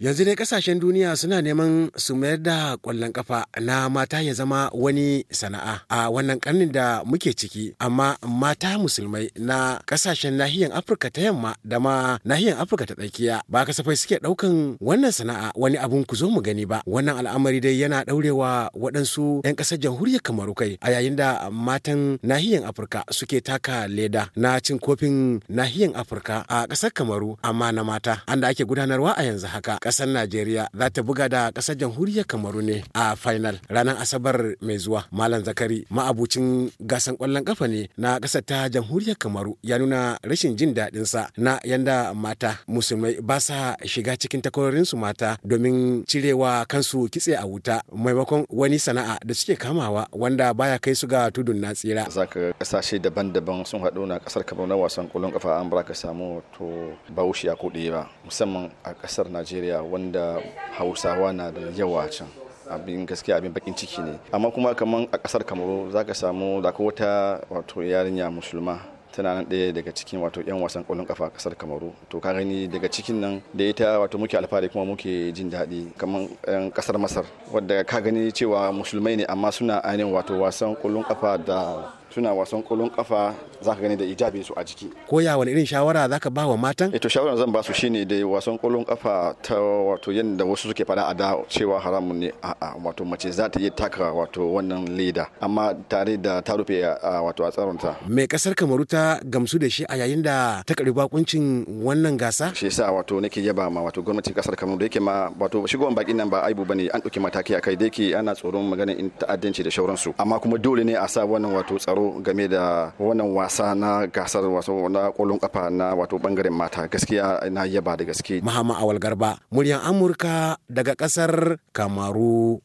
yanzu dai kasashen duniya suna neman su mayar da kwallon kafa na mata ya zama wani sana'a a wannan karnin da muke ciki amma mata musulmai na kasashen nahiyar afirka ta yamma da ma nahiyar afirka ta tsakiya ba kasafai suke daukan wannan sana'a wani abun ku zo mu gani ba wannan al'amari dai yana daurewa waɗansu 'yan ƙasar jamhuriyar kamaru kai a yayin da matan nahiyar afirka suke taka leda na cin kofin nahiyar afirka a ƙasar kamaru amma na mata an da ake gudanarwa a yanzu haka kasar Najeriya za ta buga da kasar jamhuriyar Kamaru ne a final ranar Asabar mai zuwa. Malam Zakari ma'abucin gasan kwallon kafa ne na kasar ta jamhuriyar Kamaru ya nuna rashin jin daɗin sa na yanda mata musulmai ba sa shiga cikin su mata domin cirewa kansu kitse a wuta maimakon wani sana'a da suke kamawa wanda baya kai su ga tudun na tsira. Za ka kasashe daban-daban sun haɗu na kasar Kamaru na wasan kwallon kafa an ba ka samu to bahaushe ya ba musamman a kasar najeriya wanda hausawa na da yawa can abin gaskiya abin bakin ciki ne amma kuma kamar a kasar kamaru za ka samu da wata wato yarinya musulma tana nan ɗaya daga cikin wato 'yan wasan kwallon kafa a kasar kamaru to ka gani daga cikin nan da ita wato muke alfahari kuma muke jin daɗi kamar 'yan kasar masar wadda ka gani cewa musulmai ne amma suna ainihin wato wasan kwallon kafa da suna wasan kolon kafa za ka gani da ijabin su a jiki ya wani irin shawara za ka ba wa matan eto eh shawara zan ba su shine da wasan kolon kafa ta wato yadda wasu suke fada a da cewa haramun ne a'a wato mace za ta iya taka wato wannan leda amma tare da ta rufe wato a tsaronta mai kasar kamaru ta gamsu da shi a yayin da ta karbi bakuncin wannan gasa shi yasa wato nake yaba ma wato gwamnatin kasar kamaru da yake ma wato shigowan bakin nan ba aibu bane an ɗauki mataki akai da yake ana tsoron magana in ta'addanci da shauransu amma kuma dole ne a sa wannan wato tsaro game da wannan wasa na gasar wato na kolon kafa na wato bangaren mata gaskiya na yaba da gaske. Mahama Awal Garba, muryan Amurka daga kasar Kamaru.